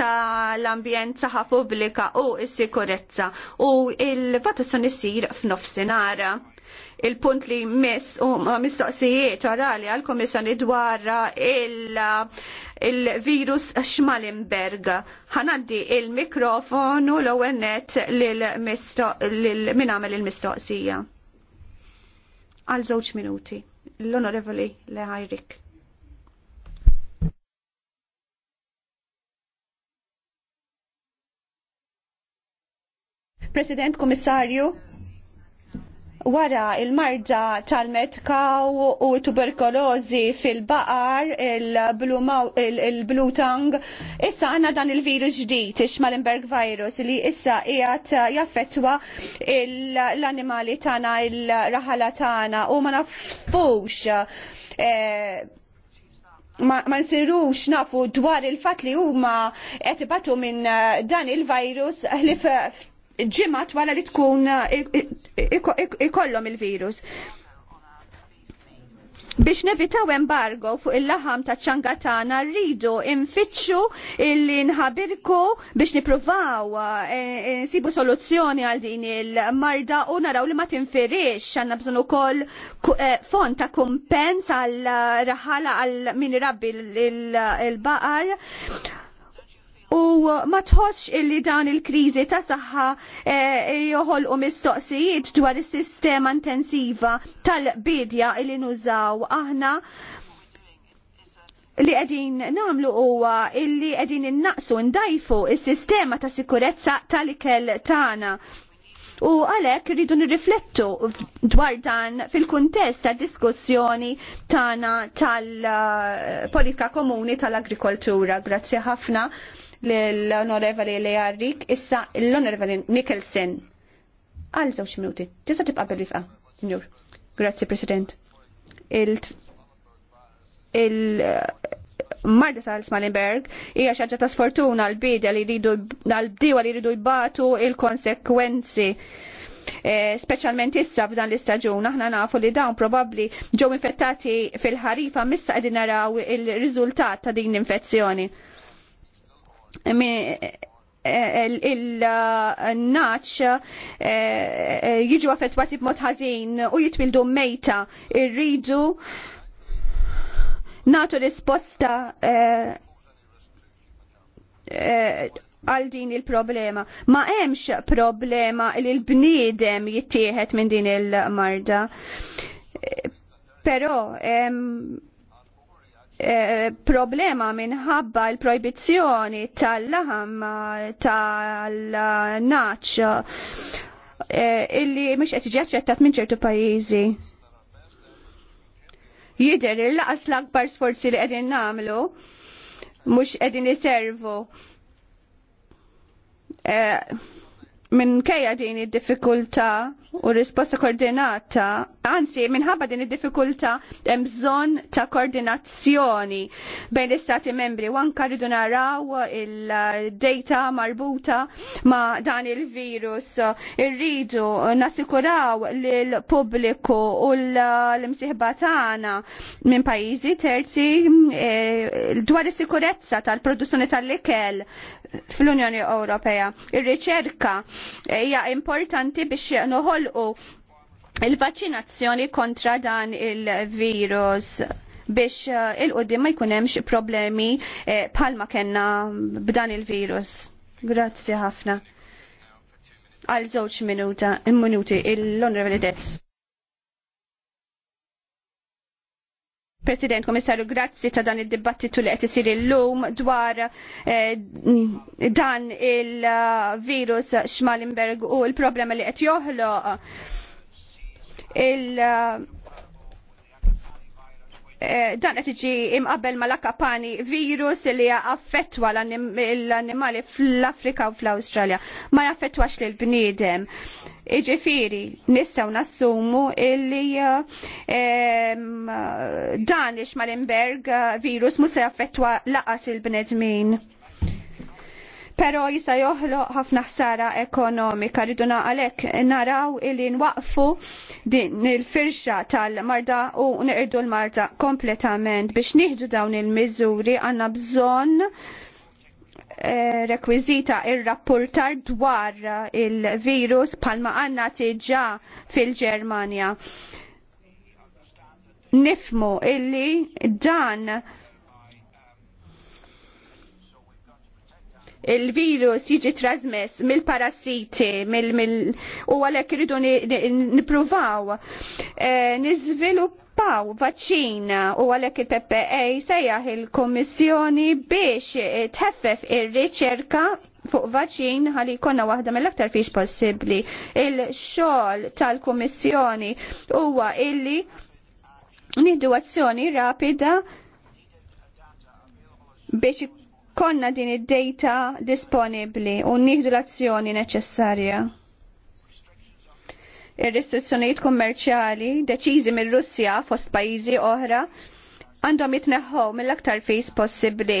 tal-ambjent saħa pubblika u s-sikurezza u il-votazzjoni isir f'nofsinhar. Il-punt li miss u mistoqsijiet orali għal-Komissjoni dwar il-virus il Schmallenberg. Ħanaddi il-mikrofonu l-ewwel net lil għamel il-mistoqsija. Għal żewġ minuti. L-Onorevoli Lehajrik. President Komissarju, wara il-marda tal-metkaw u tuberkulozi fil-baqar, il-blue tongue, issa għanna dan il-virus ġdijt, il-Schmallenberg virus, li issa jgħat jaffetwa l-animali tana, il-raħala tana, u ma nafux. Eh, ma, nsirux nafu dwar il-fat li huma qed ibatu minn eh, dan il-virus li ġimat wara li tkun eh, ikollhom il-virus. Biex nevitaw embargo fuq il-laħam ta' ċangatana rridu infittxu illi nħabirku biex nipruvaw eh, nsibu soluzzjoni għal din il-marda u naraw li ma tinferix għanna bżon ukoll eh, fond ta' kumpens għal raħala għal min rabbi il-baqar u ma tħossx illi dan il-kriżi ta' saħħa eh, joħolqu mistoqsijiet dwar is-sistema intensiva tal-bidja li nużaw aħna li qegħdin nagħmlu huwa illi qegħdin innaqsu ndajfu is-sistema ta' sikurezza tal-ikel tagħna. U għalhekk rridu nirriflettu dwar dan fil-kuntest tad diskussjoni tagħna tal-politika eh, komuni tal-agrikoltura. Grazzi ħafna l-onorevoli għarrik, issa l-onorevoli Nicholson. Għal żewġ minuti. Tista' tibqa' bil-rifqa, Signor. Grazzi, President. Il- eh, marda sal Smalenberg hija xaġġa ta' sfortuna l-bidja li jridu l bdiwa li jridu jbatu il-konsekwenzi eh, specialment issa f'dan l-istaġun, aħna nafu li dawn probabli ġew infettati fil-ħarifa missa qegħdin naraw il-riżultat ta' din l-infezzjoni. Eh, eh, eh, il-naċ jiġu affettwati b'mod ħażin u jitbildu mejta irridu natu risposta għal din il-problema. Ma hemmx problema li l-bniedem jittieħed minn din il-marda. Però problema minħabba l-projbizzjoni tal-laħam tal-naċ eh, illi mhux qed jiġi aċċettat minn ċertu pajjiżi. Jidher il-laqas l-akbar sforzi li qegħdin nagħmlu mhux qegħdin iservu. Eh, minn din id-diffikultà u risposta koordinata, anzi minħabba din id diffikultà hemm bżonn ta' koordinazzjoni bejn l-istati membri u anke rridu naraw il-data marbuta ma' dan il-virus. Irridu nassikuraw l pubbliku u l-imsieħba tagħna minn pajjiżi terzi eh, dwar is-sikurezza tal-produzzjoni tal-ikel fl-Unjoni Ewropea. Ir-riċerka hija importanti biex noħol joħolqu il-vaċinazzjoni kontra dan il-virus biex eh, il-qoddim ma jkunemx problemi palma eh, kena b'dan il-virus. Grazzi ħafna. Għal żewġ minuta, minuti, l-Onorevoli Dez. President Komissarju, grazzi ta' dan il-dibattitu li qed isir illum dwar eh, dan il-virus Schmalenberg u l-problema li qed joħloq il- Eh, dan qed iġi imqabel mal-akapani virus li affettwa l-annimali fl-Afrika u fl-Awstralja. Ma jaffettwax lil bniedem. Iġifiri, nistaw nassumu illi ehm, dan ix malimberg virus musa jaffettwa laqas il-bnedmin pero jista' joħloq ħafna ħsara ekonomika. Ridu naqalek naraw illi nwaqfu din il-firxa tal-marda u neqirdu l-marda kompletament biex nieħdu dawn il-miżuri għandna bżonn eh, rekwizita ir-rapportar dwar il-virus palma għanna tiġa fil-Ġermanja. Nifmu illi dan il-virus jiġi trasmess mill-parassiti, mill, mill u għalek rridu nipruvaw, e, eh, nizviluppaw vaċċina u għalek il-PPA sejjaħ il-Komissjoni biex tħeffef ir-riċerka fuq vaċin ħalli jkollna waħda mill-aktar fiex possibbli. Il-xogħol tal-Kummissjoni huwa illi nidu azzjoni rapida biex konna din id-data disponibli u nieħdu l-azzjoni neċessarja. Ir-restrizzjonijiet kummerċjali deċiżi mir-Russja fost pajjiżi oħra għandhom jitneħħu mill-aktar fis possibbli.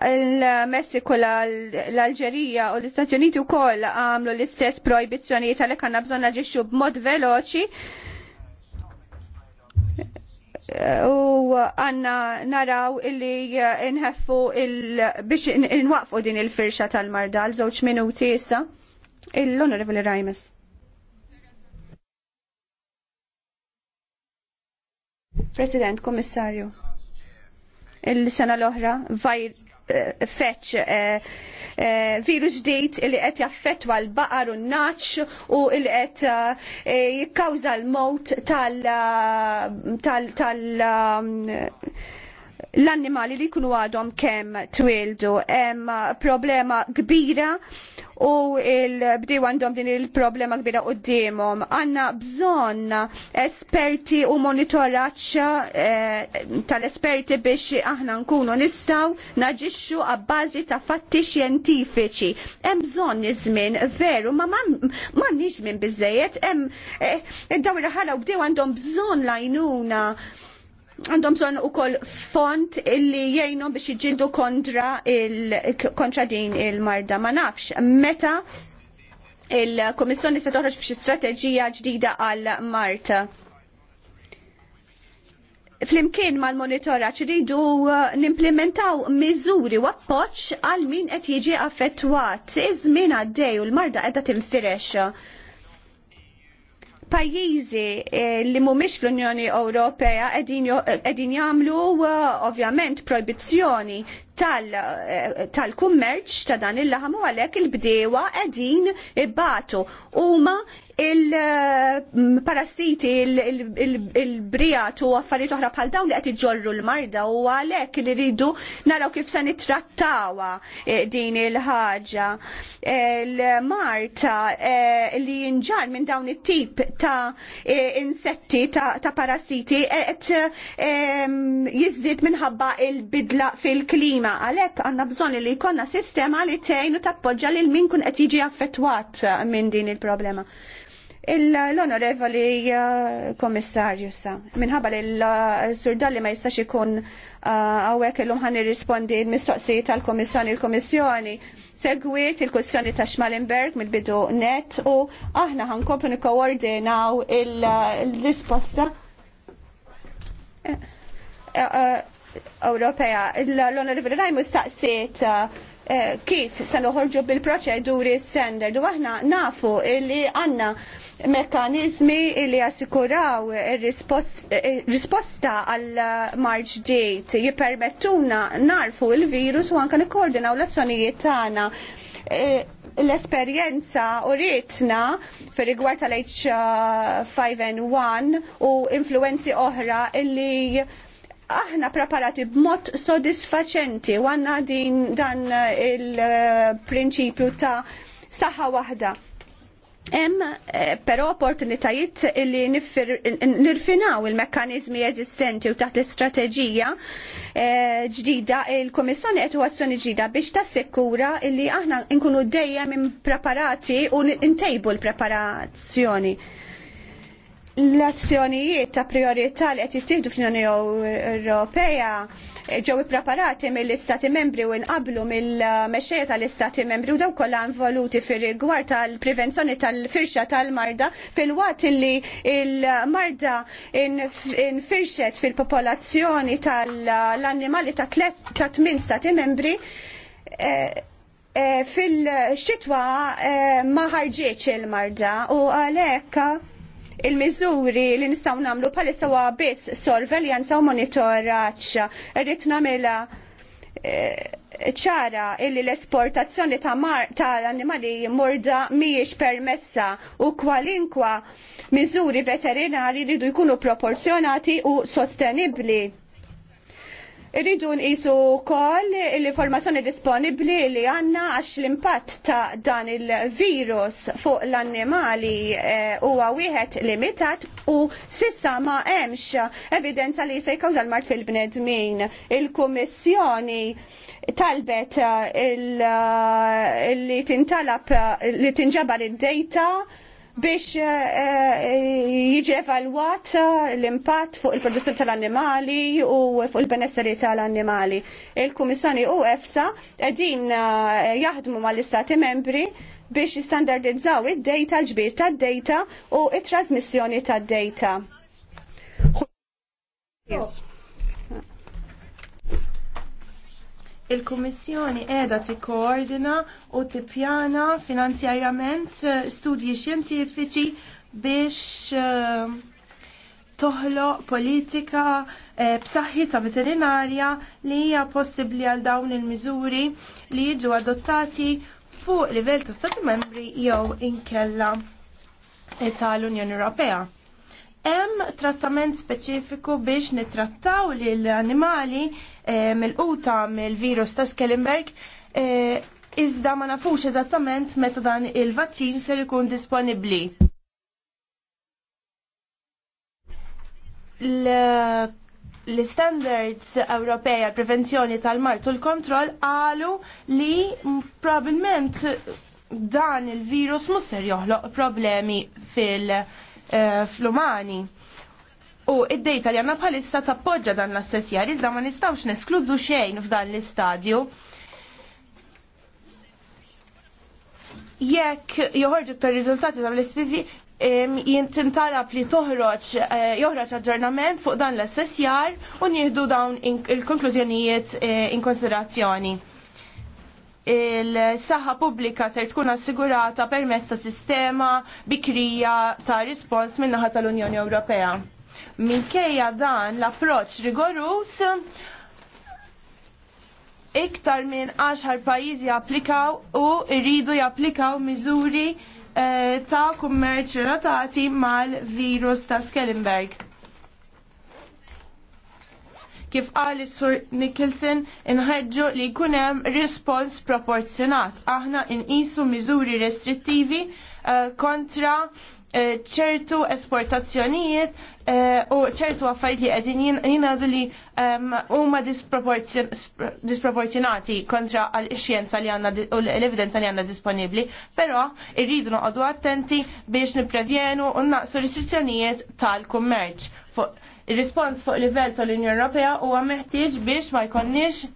il-Messiku, l-Alġerija u l-Istati Uniti u koll għamlu l-istess projbizzjoniet għalek għanna bżonna ġiċu b'mod veloċi u għanna naraw illi eh, nħeffu biex nwaqfu din il-firxa tal-mardal, żewġ minuti issa. Il-Honorable Raimes. President, Komissarju. Il-sena l-oħra, Eh, feċ eh, eh, virus ġdid li qed jaffettwa l-baqar u n-naċ u li qed jikkawża l-mowt tal-annimali li jkunu għadhom kemm twildu. Hemm problema kbira u il-bdew għandhom din il-problema kbira qoddimhom. Għandna bżonn esperti u monitoraċċa eh, tal-esperti biex aħna nkunu nistgħu naġixxu għabbażi ta' fatti xjentifiċi. Hemm bżonn iż-żmien veru, ma m'għandniex nizmin bizzejet, hemm eh, daw dawn ħala u bdew għandhom bżonn lajnuna għandhom bżonn ukoll font illi jgħinhom biex jiġġieldu kontra il kontra din il-marda ma nafx meta il-Komissjoni se toħroġ biex strateġija ġdida għal Marta. Flimkien mal monitora rridu uh, nimplementaw miżuri u appoċ għal min qed jiġi affettwat. Iż-żmien għaddej u l-marda qiegħda tinfirex pajjiżi eh, li mhumiex fl-Unjoni Ewropea qegħdin jagħmlu eh, ovvjament proibizzjoni Eh, tal-kummerċ ta' dan il-laħam u għalhekk il-bdewa qegħdin ibatu huma il-parassiti, eh, il-brijat u affarijiet oħra bħal dawn li qed iġorru l-marda u għalhekk li rridu naraw kif se nittrattawha eh, din il-ħaġa. Il-marta li jinġar minn dawn it-tip ta' insetti ta' parassiti qed jiżdied minħabba il-bidla fil-klima tagħna għalhekk għandna bżonn li jkollna sistema li tgħin u tappoġġa lil min kun qed jiġi affettwat eh, minn din il-problema. L-onorevoli eh, komissarju sa, minħabba l-sur eh, dalli ma jistax ikun għawek l-lum ħan irrispondi l-mistoqsijiet tal-komissjoni l-komissjoni segwit il-kustjoni ta' Schmalenberg mill-bidu net u aħna ħan komplu nikkoordinaw il-risposta. Ewropea. L-Onorevoli Rajmu staqsiet eh, kif se noħorġu bil-proċeduri standard u aħna nafu li għanna mekanizmi li jassikuraw risposta għal marġ Date jipermettuna narfu il-virus u anka nikkoordinaw l-azzjonijiet tagħna eh, l-esperienza u rietna fir rigward tal-H5N1 u influenzi oħra illi aħna preparati b'mod sodisfaċenti u għanna din dan eh, il-prinċipju ta' saħħa waħda. Hemm eh, però opportunitajiet li nirfinaw il-mekkaniżmi eżistenti u taħt l-istrateġija eh, ġdida il-Komissjoni qed azzjoni ġdida biex tassikura li aħna nkunu dejjem impreparati u ntejbu l-preparazzjoni l-azzjonijiet ta' priorità li qed jittieħdu fl-Unjoni Ewropea ġew ippreparati mill-Istati Membri u nqablu mill-mexxejja tal-Istati Membri u daw kollha involuti fir-rigward tal-prevenzjoni tal-firxa tal-marda fil-waqt li l-marda infirxet fil-popolazzjoni tal-annimali ta' tlet ta' tmien Stati Membri eh, eh, fil-xitwa eh, ma ħarġitx il-marda u għalhekk il-miżuri li nistgħu nagħmlu bħalissa huwa biss sorveljanza u monitoraġġ. Irrid nagħmilha eh, ċara illi l-esportazzjoni ta', mar, ta animali morda mhijiex permessa u kwalinkwa miżuri veterinari li jkunu proporzjonati u sostenibbli Irridu nqisu wkoll l-informazzjoni disponibbli li għandna għax l-impatt ta' dan il-virus fuq l-annimali eh, huwa e, wieħed limitat u sissa ma hemmx evidenza li se jkawża l-mart fil-bnedmin. Il-Kummissjoni talbet eh, il eh, li tintalab li tinġabar id-dejta biex eh, eh, jiġi evalwat l-impatt fuq il-produzzjoni tal-annimali u fuq il-benesseri tal-annimali. Il-Kummissjoni u EFSA qegħdin eh, jaħdmu mal-Istati membri biex jistandardizzaw id-data, l-ġbir tad-data u it-trasmissjoni tad-data. Yes. il-Kummissjoni qiegħda tikkoordina u tippjana finanzjarjament eh, studji xjentifiċi biex eh, toħloq politika eh, ta' veterinarja li hija possibbli għal dawn il-miżuri li jiġu adottati fuq livell ta' Stati membri jew inkella tal-Unjoni Ewropea. Hemm trattament speċifiku biex nittrattaw li l-animali eh, mill-quta mill-virus ta' Skellenberg eh, iżda ma nafux eżattament meta dan il-vaċċin ser ikun disponibbli. L-standards Ewropea għal prevenzjoni tal-mart u l-kontroll qalu li probabilment dan il-virus mhux ser joħloq problemi fil- Eh, flumani. U id-dejta li għanna bħalissa tappoġġa dan l-assessjar, iżda ma nistawx neskludu xejn f'dan l-istadju. Jekk joħorġu t riżultati tal l-SPV, jintintalab li toħroġ eh, joħroġ aġġornament fuq dan l-assessjar u nieħdu dawn il-konklużjonijiet eh, in konsiderazzjoni il-saħħa pubblika ser tkun assigurata permezz ta' sistema bikrija ta' rispons min-naħa tal-Unjoni Ewropea. Minkejja dan l-approċċ rigorus iktar minn 10 pajjiżi applikaw u rridu japplikaw miżuri eh, ta' kummerċ relatati mal-virus ta' Skellenberg Kif qal is-Sur Nicholson, inħarġu li jkun hemm rispons proporzjonat. Aħna inqisu miżuri restrittivi eh, kontra eh, ċertu esportazzjonijiet eh, u ċertu affarijiet li qegħdin jingħadu li huma disproporzjonati kontra għal xjenza li għandna u l-evidenza li għandna disponibbli, però irridu noqogħdu attenti biex nipprevjenu u naqsu restrizzjonijiet tal-kummerċ Il-rispons fuq livell tal-Unjoni Ewropea huwa meħtieġ biex ma jkonniex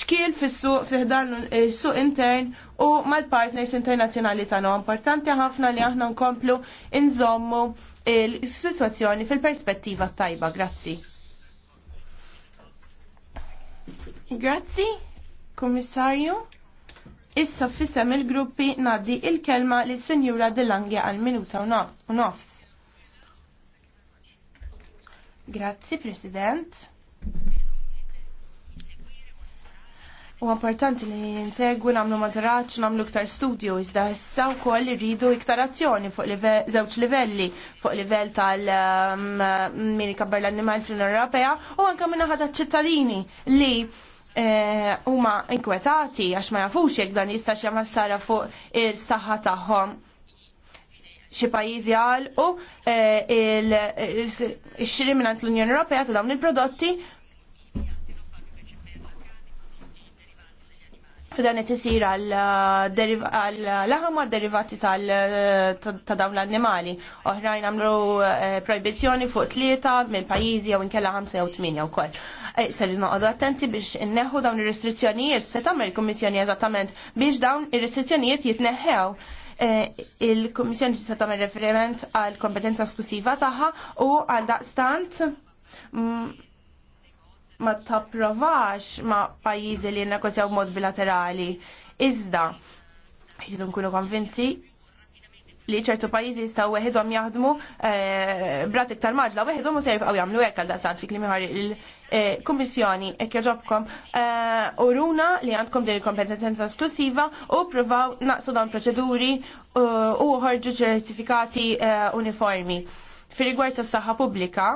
xkiel fis-suq fiħdan is-suq intern u mal-partners internazzjonali tagħna. Importanti ħafna li aħna nkomplu inżommu il-sitwazzjoni fil-perspettiva tajba. Grazzi. Grazzi, Kummissarju. Issa fissem il-gruppi naddi il-kelma lis sinjura Delange għal minuta u nofs. Grazzi, President. U importanti li nsegwu namlu maturaċ, namlu iktar studio, iżda issa u koll rridu iktar azzjoni fuq żewġ zewċ livelli, fuq livell tal-mini um, kabber l-animal fl-Unjoni Ewropea u anka minna ħata ċittadini li eh, huma inkwetati għax ma jafux jekk dan jista' xi sara fuq il-saħħa tagħhom xi pajjiżi għalqu e, e, x xiri minnant l-Unjoni Ewropea ta' dawn il-prodotti U dan qed isir għal e, laħam għad derivati ta' dawn l-annimali. Oħrajn għamlu proibizzjoni fuq tlieta minn pajjiżi jew inkella ħamsa jew tminja wkoll. Ser noqogħdu attenti biex inneħħu dawn ir-restrizzjonijiet se tagħmel il-Kummissjoni eżattament biex dawn ir-restrizzjonijiet jitneħħew Eh, il-Kummissjoni tista' tagħmel referiment għal kompetenza esklusiva tagħha u għal daqstant mm, ma tapprovax ma pajjiżi li negozjaw mod bilaterali. Iżda, jridu nkunu konvinti li ċertu pajjiżi jistgħu weħidhom jaħdmu eh, brat iktar maġla, weħidhom u se jibqgħu jagħmlu hekk għal daqsant fik li miħar il-Kummissjoni eh, hekk jogħġobkom eh, uruna li għandkom din il-kompetenza esklusiva u pruvaw naqsu dawn proċeduri u ħorġu ċertifikati uniformi. Fi rigward tas-saħħa pubblika,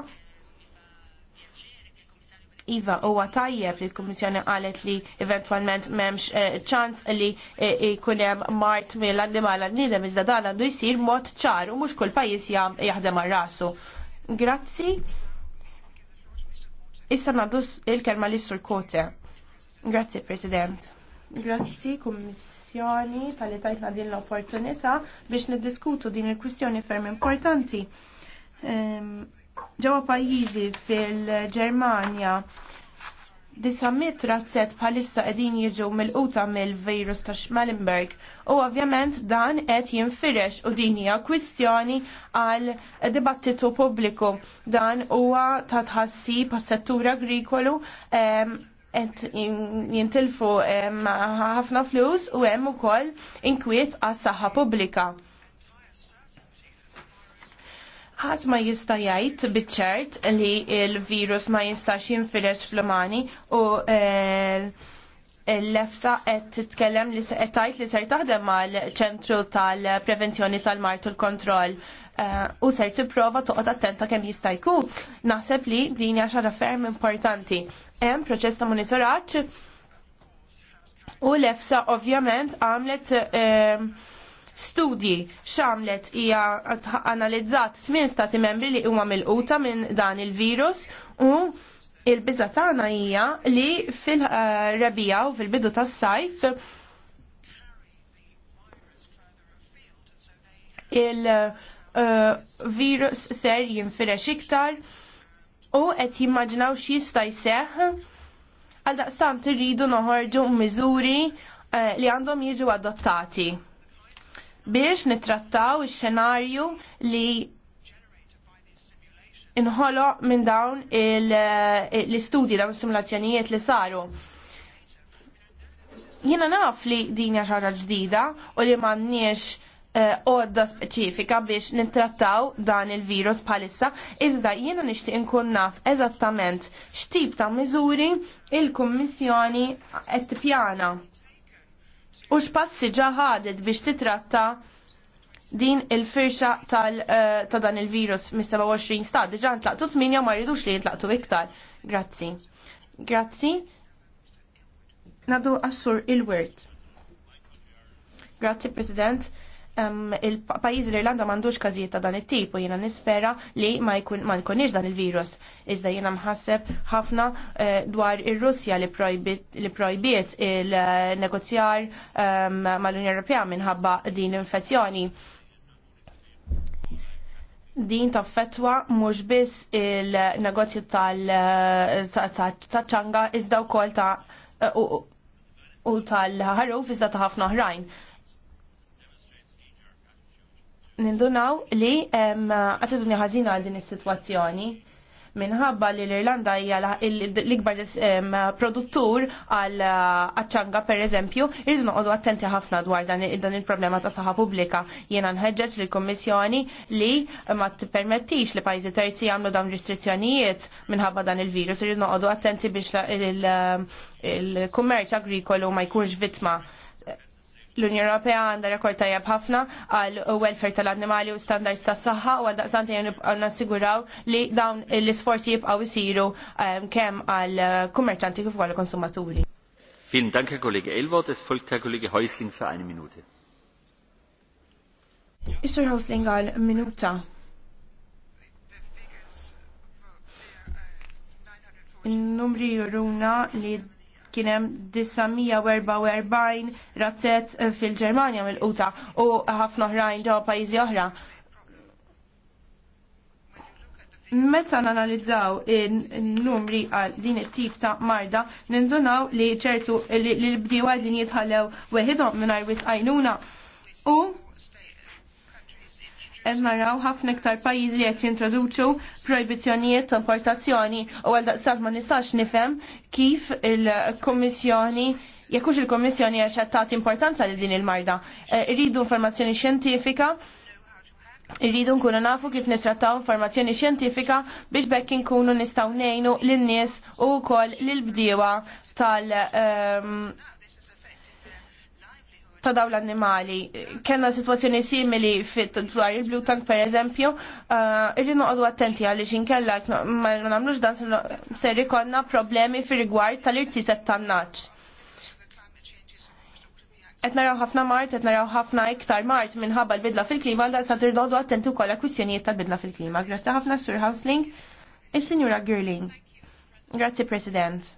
Iva, huwa tajjeb li l-Kummissjoni qalet li eventwalment m'hemmx eh, ċans li jkun eh, hemm mart mill annimala għal-nidem iżda dan għandu jsir mod ċar u mhux kull pajjiż jaħdem ar rasu. Grazzi. Issa nagħdu il-kelma li sur kote. Grazzi, President. Grazzi, Kummissjoni, tal-li din l-opportunità biex niddiskutu din il-kwistjoni ferm importanti. Ehm, ġewwa pajjiżi fil-Ġermanja 900 razzet bħalissa qegħdin jiġu mil quta mill-virus ta' Schmallenberg u ovvjament dan qed jinfirex u din hija kwistjoni għal dibattitu pubbliku. Dan huwa ta' tħassib għas-settur agrikolu qed jintilfu ħafna flus u hemm ukoll inkwiet għas-saħħa pubblika ħadd ma jista' jgħid biċ-ċert li l-virus ma jistax jinfires fl-umani u eh, l-lefsa qed titkellem li qed tgħid li ser taħdem mal-ċentru tal-prevenzjoni tal martu l-kontroll eh, u ser tipprova toqgħod attenta kemm jista' jkun. Naħseb li din hija xi ferm importanti. Hemm proċess ta' monitoraġġ u l-efsa ovvjament għamlet eh, studji xamlet hija analizzat tmien stati membri li huma milquta minn dan il-virus u il-biża tagħna hija li fil-rebija u fil-bidu tas-sajf il-virus uh, ser jinfirex iktar u qed jimmaġinaw x'jista' jseħħ għal daqstant irridu noħorġu miżuri uh, li għandhom jiġu adottati biex nittrattaw ix-xenarju li inħolo minn dawn eh, l-istudji, dawn simulazzjonijiet li saru. Jiena naf li din hija ġdida u li m'għandniex eh, għodda speċifika biex nittrattaw dan il-virus bħalissa, iżda jiena nixtieq inkun naf eżattament x'tip ta' miżuri il-Kummissjoni qed tippjana u x'passi ġaħadet ħadet biex titratta din il-firxa eh, ta' dan il-virus mis-27 stat. Diġa ntlaqtu 8 ma rridux li ntlaqtu iktar. Grazzi. Grazzi. Nadu assur il-word. Grazzi, President il-pajiz l-Irlanda mandux kazijiet ta' dan it-tip u jena nispera li ma jkunix dan il-virus. Iżda jena mħasseb ħafna eh, dwar ir-Russja li projbiet il-negozjar mal-Unjoni Ewropea minħabba din l-infezzjoni. Din ta' fetwa mhux biss il-negozju tal-ċanga iżda wkoll ta' u tal ħarruf iżda ta' ħafna oħrajn nindunaw li għatidunja ħazina għal din is-sitwazzjoni minħabba li l-Irlanda hija l-ikbar produttur għal ċanga per eżempju, irridu noqogħdu attenti ħafna dwar dan il-problema ta' saħa pubblika. Jiena nħeġġeġ lill kummissjoni li ma tippermettix li pajjiżi terzi jagħmlu dawn restrizzjonijiet minħabba dan il-virus, irridu noqogħdu attenti biex il-kummerċ agrikolu ma jkunx vittma l-Unjoni Ewropea għandha rekord tajjeb ħafna għal welfare tal-annimali u standards tas saħħa u għadda santi nassiguraw li dawn l-isforzi jibqgħu isiru ehm, kemm għal kummerċanti kif għal konsumaturi. Vielen Dank, Herr Kollege Elwort. Es folgt Herr Kollege Häusling für eine Minute. Mr. Häusling eine Minute. Numri juruna li kienem 944 razzet eh, fil-Germania mill-quta u ħafna oħrajn ġewwa pajjiżi oħra. Meta nanalizzaw il-numri għal din it-tip ta' marda, nindunaw li ċertu li l-bdiewa din jitħallew weħidhom mingħajr wisqajnuna u qed naraw ħafna iktar pajjiżi li qed jintroduċu projbizzjonijiet ta' importazzjoni u għal daqstant ma nistax nifhem kif il-Kummissjoni jekk hux il-Kummissjoni għax tagħti importanza li din il-marda. Eh, irridu informazzjoni xjentifika Irridu nkunu nafu kif nitrattaw informazzjoni xjentifika biex bekk inkunu nistgħu ngħinu lin-nies u wkoll lill-bdiewa tal- um, ta' daw l-annimali. Kenna situazzjoni simili fit dwar il-Blue Tank per eżempju, uh, irri noqogħdu attenti għalli kella, ma nagħmlux dan se rikonna problemi fir rigward tal-irtitet tan-naċ. Qed naraw ħafna mart, qed naraw ħafna iktar mart minħabba l-bidla fil-klima, da sa tirdodu attenti wkoll kwistjonijiet tal-bidla fil-klima. Grazzi ħafna Sur Hausling, is-Sinjura Girling. Grazzi President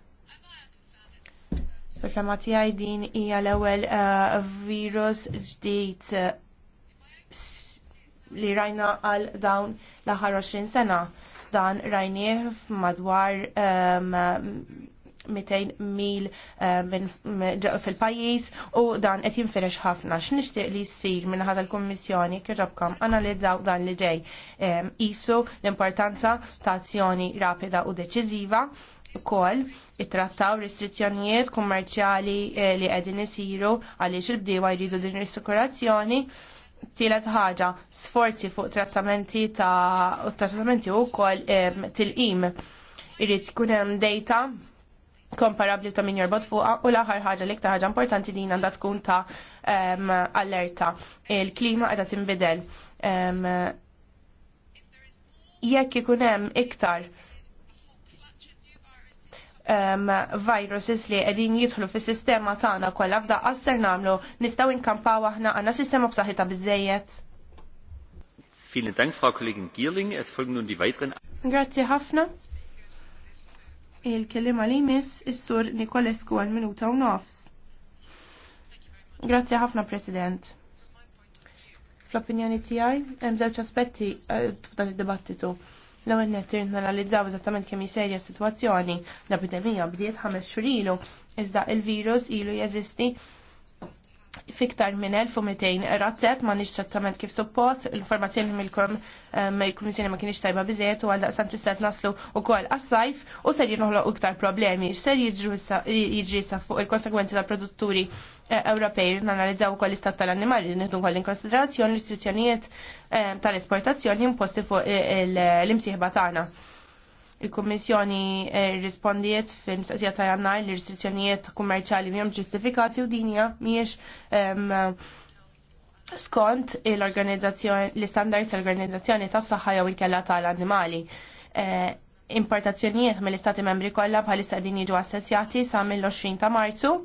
fil tiegħi din hija l-ewwel eh, virus ġdid eh, li rajna għal dawn l-aħħar 20 sena. Dan rajnieh madwar 200 ehm, mil eh, fil-pajis u dan qed jinferex ħafna. X'nixtieq li jsir minn ħadd il-Kummissjoni kieġobkom analizzaw dan li ġej. Ehm, isu l-importanza ta' azzjoni rapida u deċiżiva ukoll trattaw restrizzjonijiet kummerċjali eh, li qegħdin isiru għaliex il-bdiewa jridu din ristrukturazzjoni. Tielet ħaġa, sforzi fuq trattamenti ta' trattamenti wkoll eh, til Irid tkun hemm data komparabli ta' min jorbot fuqa u l-aħħar ħaġa li ħaġa importanti din għandha tkun ta' allerta. Il-klima qiegħda tinbidel. Jekk ikun hemm iktar um, viruses li qegħdin jidħlu fi sistema tana kolla f'da ser namlu nistaw inkampaw aħna għanna sistema b'saħħita biżejjed. Vielen Dank, Frau Kollegin Gierling. Es folgen nun die weiteren. Grazie Hafna. Il-kelima li miss sur Nikolescu għal minuta u nofs. Grazie ħafna, President. Fl-opinjoni tiegħi hemm żewġ aspetti eh, f'dan id-dibattitu L-ewwel nett nanalizzaw eżattament kemm serja s-sitwazzjoni. L-epidemija bdiet ħames xhur ilu, iżda il-virus ilu jeżisti fiktar minn 1200 razzet ma nix trattament kif suppost, l-informazzjoni milkom ehm, l kummissjoni ma kienix tajba bizet u għalda san tisset naslu u kol għas-sajf u ser jinħloq iktar problemi. Ser jiġri sa fuq il-konsekwenzi tal-produtturi eh, Ewropej nanalizzaw ukoll istat tal-annimali, nieħdu wkoll inkonsiderazzjoni l-istituzzjonijiet ehm, tal-esportazzjoni imposti fuq eh, l-imsieħba tagħna. Il-Kommissjoni eh, rispondiet fil-mistoqsija ta' jannar li restrizzjonijiet kummerċali mhom ġustifikati u dinja miex skont l-organizzazzjoni l-istandards tal-organizzazzjoni tas saħħa jew inkella tal-annimali. Eh, importazzjonijiet mill-Istati membri kollha bħalissa din jiġu assessjati sa mill-20 ta' Marzu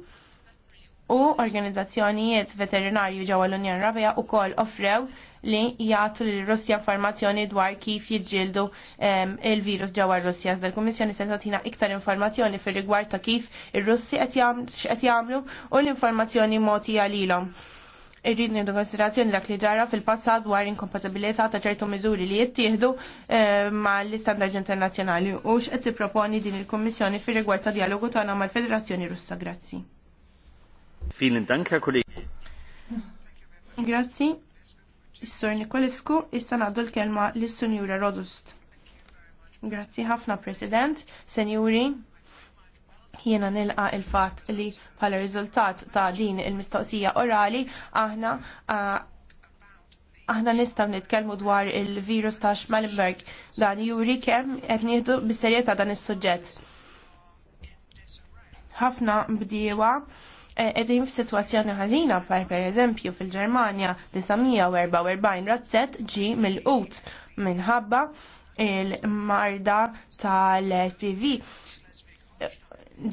u organizzazzjonijiet veterinarju ġewwa l-Unjoni Ewropea wkoll offrew li jagħtu lil Russja informazzjoni dwar kif jiġġieldu ehm, il-virus ġewwa r-Russja. Iżda l-Kummissjoni se tagħtina iktar informazzjoni fir-rigward ta' kif ir-Russi qed jagħmlu u l-informazzjoni mogħtija lilhom. Irrid nieħdu konsiderazzjoni dak li ġara fil-passat dwar inkompatibilità ta' ċertu miżuri li jittieħdu ehm, ma' l-istandard internazzjonali u x'qed tipproponi din il-Kummissjoni fir-rigward ta' dialogu tagħna mal-Federazzjoni Russa. Grazzi. Vielen Dank, Herr Kollege. Grazzi. Is-Sur Nikolescu issa ngħaddu l-kelma lis-Sinjura Rodust. Grazzi ħafna President, Senjuri, jiena nilqa il-fatt li bħala riżultat ta' din il-mistoqsija orali aħna aħna nistaw nitkellmu dwar il-virus ta' Schmallenberg dan juri kemm qed nieħdu bis-serjetà dan is-suġġett. Ħafna bdiewa edin f-situazzjoni ħazina par per eżempju fil u erbajn razzet ġi mill-qut minħabba il-marda tal-SPV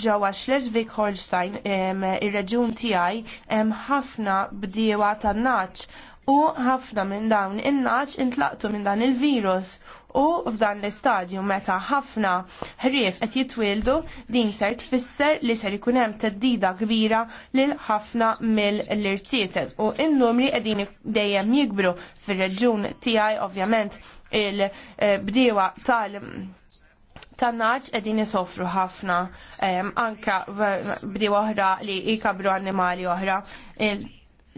ġewwa Schleswig Holstein ir-reġjun tiegħi hemm ħafna bdiewa tan-naċ u ħafna minn dawn in-naċ intlaqtu minn dan il-virus u f'dan l-istadju meta ħafna ħrief qed jitwildu din ser tfisser li ser ikun hemm teddida kbira lil ħafna mill irtiet u n-numri qegħdin dejjem jikbru fir-reġjun tiegħi ovvjament il-bdiewa tal- tannaċ edin jisofru ħafna anka bdi oħra li jikabru annimali oħra.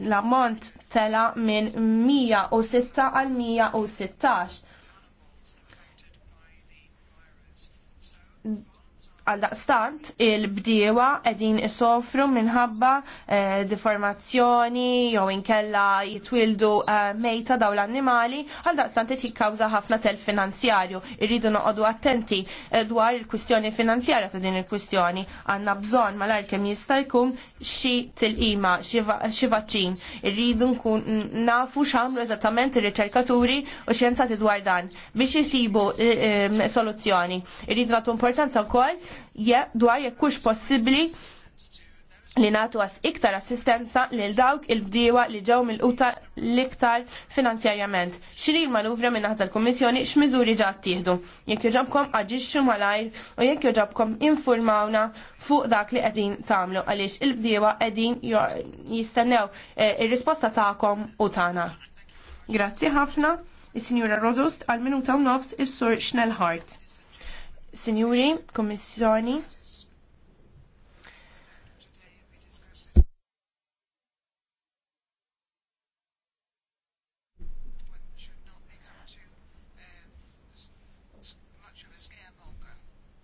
L-ammont tela minn 106 għal 116 għal daqstant il-bdiewa edin isofru minħabba eh, deformazzjoni jew inkella jitwildu eh, mejta daw l-annimali għal daqstant qed jikkawża ħafna tel finanzjarju. Irridu noqogħdu attenti eh, dwar il-kwistjoni finanzjarja ta' din il-kwistjoni. għanna bżonn malar kemm jista' jkun xi tilqima xi vaċċin. Irridu nkun nafu xamlu eżattament ir-riċerkaturi u xjenzati dwar dan biex isibu soluzzjoni. Irridu nagħtu importanza wkoll dwar jekk hux possibbli li natu għas iktar assistenza lil dawk il-bdiewa li ġew mill-quta l-iktar finanzjarjament. Xiri l-manuvra minn naħta l-Kommissjoni x'miżuri ġa ttieħdu. Jekk joġobkom aġixxu malajr u jekk joġobkom infurmawna fuq dak li qegħdin tagħmlu għaliex il-bdiewa qegħdin jistennew eh, ir-risposta tagħkom u tagħna. Grazzi ħafna, is signora Rodust għal minuta u nofs is-Sur Schnellhardt. Signori, Commissioni,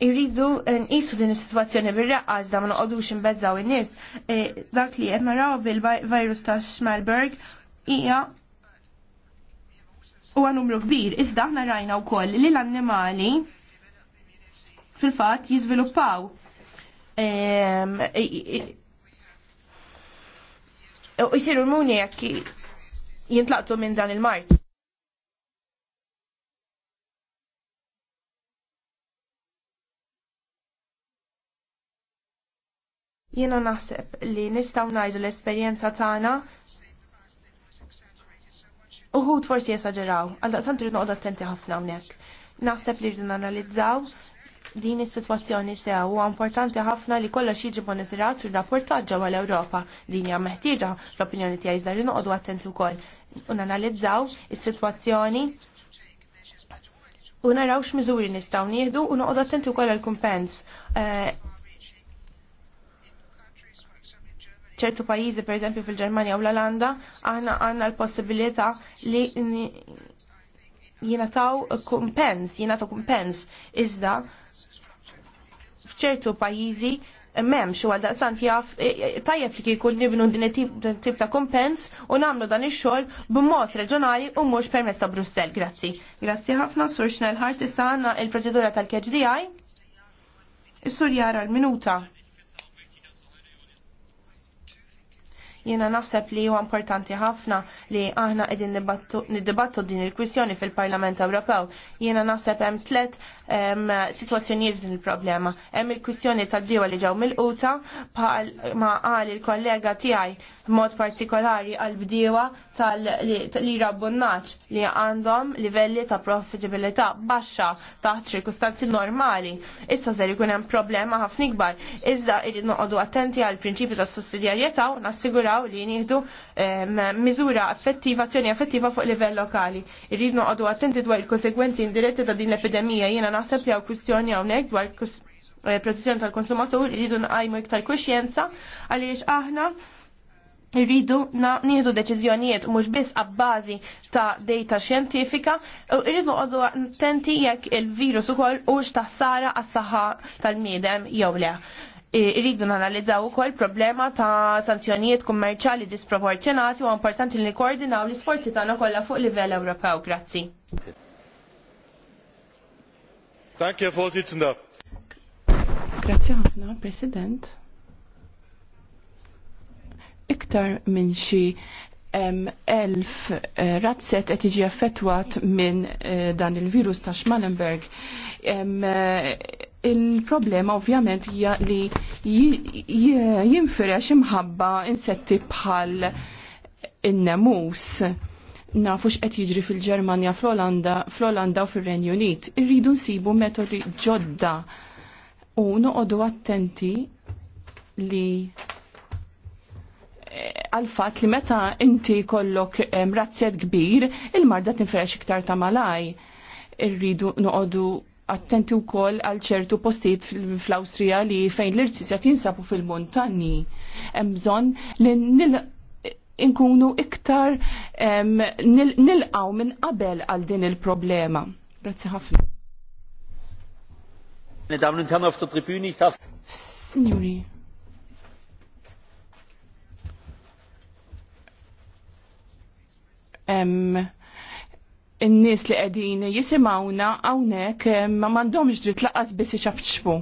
irridu eh, n-isu din situazzjoni sitwazzjoni bir-raqqa iżda ma noqogħdux inbeżżaw in-nies. Eh, dak li qed naraw bil-virus ta' Schmalberg hija huwa numru kbir, iżda aħna rajna wkoll li l-annimali fil-fatt jiżviluppaw ehm, u jisiru l-muni jekk jintlaqtu minn dan il-mart. Jiena naħseb li nistgħu ngħidu l esperjenza tagħna uħud forsi jesaġeraw, għal daqsan trid noqgħod attenti ħafna hawnhekk. Naħseb li rridu nanalizzaw din is-sitwazzjoni sew huwa importanti ħafna li kollox jiġi monitorat u rrapportat ġewwa l-Ewropa din hija meħtieġa fl-opinjoni tiegħi iżda li noqogħdu attenti wkoll u nanalizzaw is-sitwazzjoni u naraw x'miżuri nistgħu nieħdu u noqogħdu attenti wkoll għall-kumpens eh, ċertu pajjiżi pereżempju fil-Ġermanja u l-Olanda aħna għandna l-possibilità li jingħataw kumpens, jingħataw kumpens iżda fċertu pajjiżi memx u daqsant jaf e, e, tajjeb li kikun nibnu din tip ta' kompens u namlu dan ix-xogħol b'mod reġjonali u mhux permezz ta' Brussell. Grazzi. Grazzi ħafna Sur Hart issa għandna il-proċedura tal-KHDI. Is-sur jara l-minuta. Jiena naħseb li huwa importanti ħafna li aħna qegħdin niddibattu din il-kwistjoni fil-Parlament Ewropew. Jiena naħseb hemm tliet situazzjonijiet din il-problema. Hemm il-kwistjoni tad-diewa li ġew mill-quta ma qal il-kollega tiegħi b'mod partikolari għal bdiewa tal-li rabbunnaċ li għandhom livelli ta' profitabilità baxxa taħt ċirkustanzi normali. Issa ser ikun hemm problema ħafna ikbar. Iżda irid noqogħdu attenti għal prinċipju ta' sussidjarjetà u nassiguraw li nieħdu miżura effettiva, azzjoni effettiva fuq livell lokali. Irrid noqogħdu attenti dwar il-konsegwenzi indiretti ta' din l-epidemija jiena naħseb li għaw kwistjoni għawnek dwar eh, protezzjoni tal-konsumatur irridu nqajmu iktar kuxjenza għaliex aħna irridu nieħdu deċiżjonijiet mhux biss abbażi ta' data xjentifika u irridu għadu attenti jekk il-virus ukoll hux ta' sara għas-saħħa tal-miedem jew le. Irridu nanalizzaw ukoll problema ta' sanzjonijiet kummerċali disproporzjonati u importanti li koordinaw l-isforzi tagħna kollha fuq livell Ewropew. Grazzi. Grazie ħafna, President. Iktar minn xi elf eh, razzet qed jiġi affettwat minn eh, dan il-virus ta' Schmallenberg. Eh, il-problema ovvjament hija li jinfirex imħabba insetti bħal in-nemus nafu x'qed jiġri fil-Ġermanja, fl-Olanda, fl-Olanda u fir-Renju Unit. Irridu nsibu metodi ġodda u noqogħdu attenti li eh, għal fatt li meta inti kollok eh, mrazzet kbir, il-marda tinfresh iktar ta' malaj. Irridu noqogħdu attenti wkoll għal ċertu postijiet fl-Awstrija li fejn l-irtizja tinsabu fil-montanni. Hemm bżonn li nil inkunu iktar nilqaw minn qabel għal din il-problema. Grazzi ħafna. Meine Damen und Herren auf der Tribüne, ich darf... Signori. Um, in-nies li qegħdin jisimgħuna hawnhekk ma m'għandhomx dritt laqas biss ixafxfu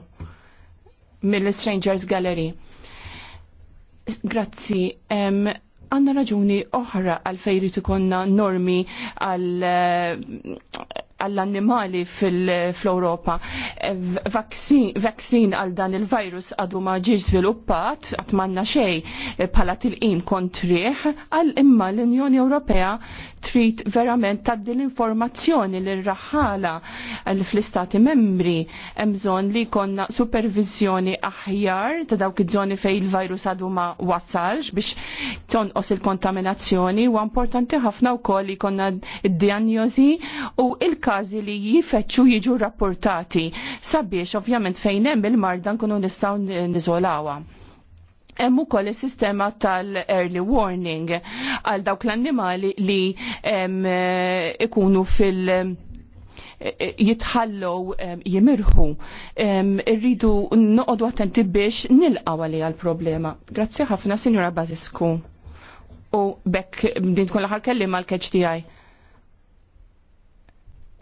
mill-Strangers Gallery. Grazzi. Um, għanna raġuni oħra għal fejri ikonna normi għal eh, għall-annimali fil-Europa. E, Vaksin għal dan il-virus għadu ma sviluppat, għatmanna xej e, pala til-in kontriħ, għal imma l-Unjoni Ewropea trid verament taddi l-informazzjoni l-raħala fl-istati membri, emżon li konna supervizjoni aħjar ta' dawk iż-żoni fej il-virus għadu ma wasalx biex tonqos il-kontaminazzjoni u importanti ħafna wkoll li konna d-dijanjozi u il-kas każi li jifetxu jiġu rapportati sabiex ovvjament fejn hemm il-marda nkunu nistgħu niżolawha. Hemm ukoll is-sistema tal-early warning għal dawk l-annimali li ikunu fil- jitħallow jimirħu. Irridu noqogħdu attenti biex nilqaw għalija l-problema. Grazzi ħafna, Sinjora Bazisku. U bekk din tkun l-aħħar l-keċ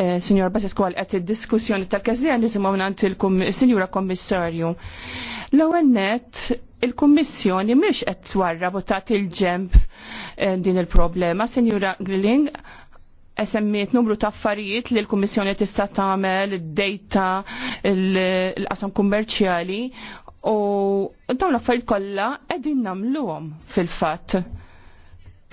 Eh, Signor Basisko għal għet il-diskussjoni tal-kazzjan li zimaw nant il-Signora Kommissarju. l għennet il-Kommissjoni miex għet twarra botat il-ġemp eh, din il-problema. Signora Grilling, esemmiet numru ta' affarijiet li l-Kommissjoni tista' tagħmel id-data l-qasam kummerċjali u dawn l-affarijiet kollha qegħdin nagħmluhom fil-fatt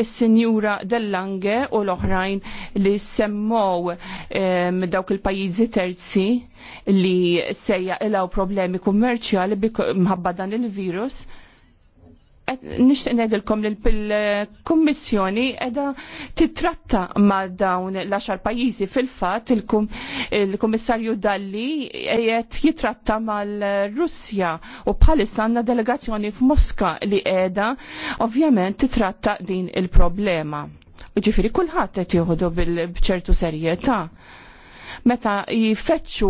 il-Sinjura Dellange u l-oħrajn li semmow um, dawk il-pajizi terzi li sejja ilaw problemi kummerċjali mħabba dan il-virus nishtiq ngħidilkom li l-Kummissjoni qiegħda titratta ma' dawn l-għaxar pajjiżi fil-fatt il-Kummissarju Dalli jiet jitratta mal-Russja u bħalissa għandna delegazzjoni moska li qiegħda ovvjament titratta din il-problema. Ġifiri kulħadd qed jieħdu bil b'ċertu serjetà meta jifetxu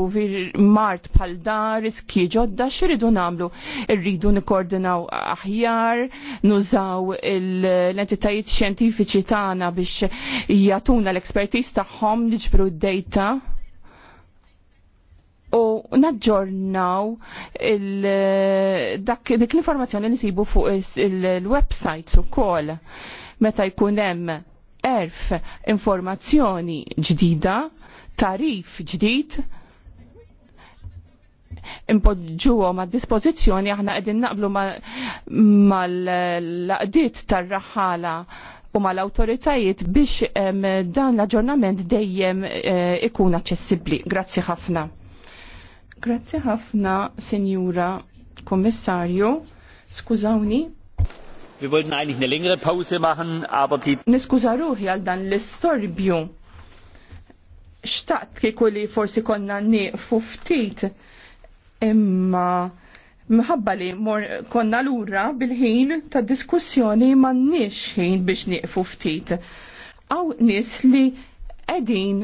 mart pal dar, iski ġodda, xiridu namlu? Irridu nikordinaw aħjar, nużaw l-entitajiet xjentifiċi tagħna biex jatuna l-ekspertiż tagħhom niġbru d-data u naġġornaw dak dik l-informazzjoni li nsibu fuq il-websites ukoll meta jkun hemm erf informazzjoni ġdida tarif ġdid impoġġuhom għad dispożizzjoni aħna qegħdin naqblu mal-laqdiet mal laqdiet tar raħala u mal-awtoritajiet biex dan l-aġġornament dejjem eh, ikun aċċessibbli. Grazzi ħafna. Grazzi ħafna, Sinjura Kommissarju. Skużawni. Wir wollten eigentlich eine längere Pause machen, aber die... Niskuża ruħi għal dan l-istorbju xtaqt kieku li forsi konna nieqfu ftit imma mħabba li mor konna lura bil-ħin ta' diskussjoni m'għandniex ħin biex nieqfu ftit. Aw nies li qegħdin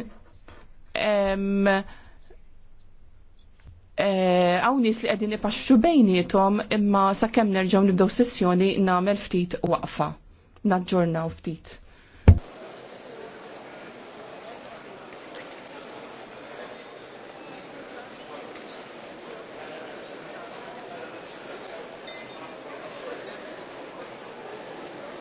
għaw e, nis li għedin ipaxxu bejnietom imma sa' kem nerġaw nibdow sessjoni namel ftit waqfa. Naġġornaw ftit.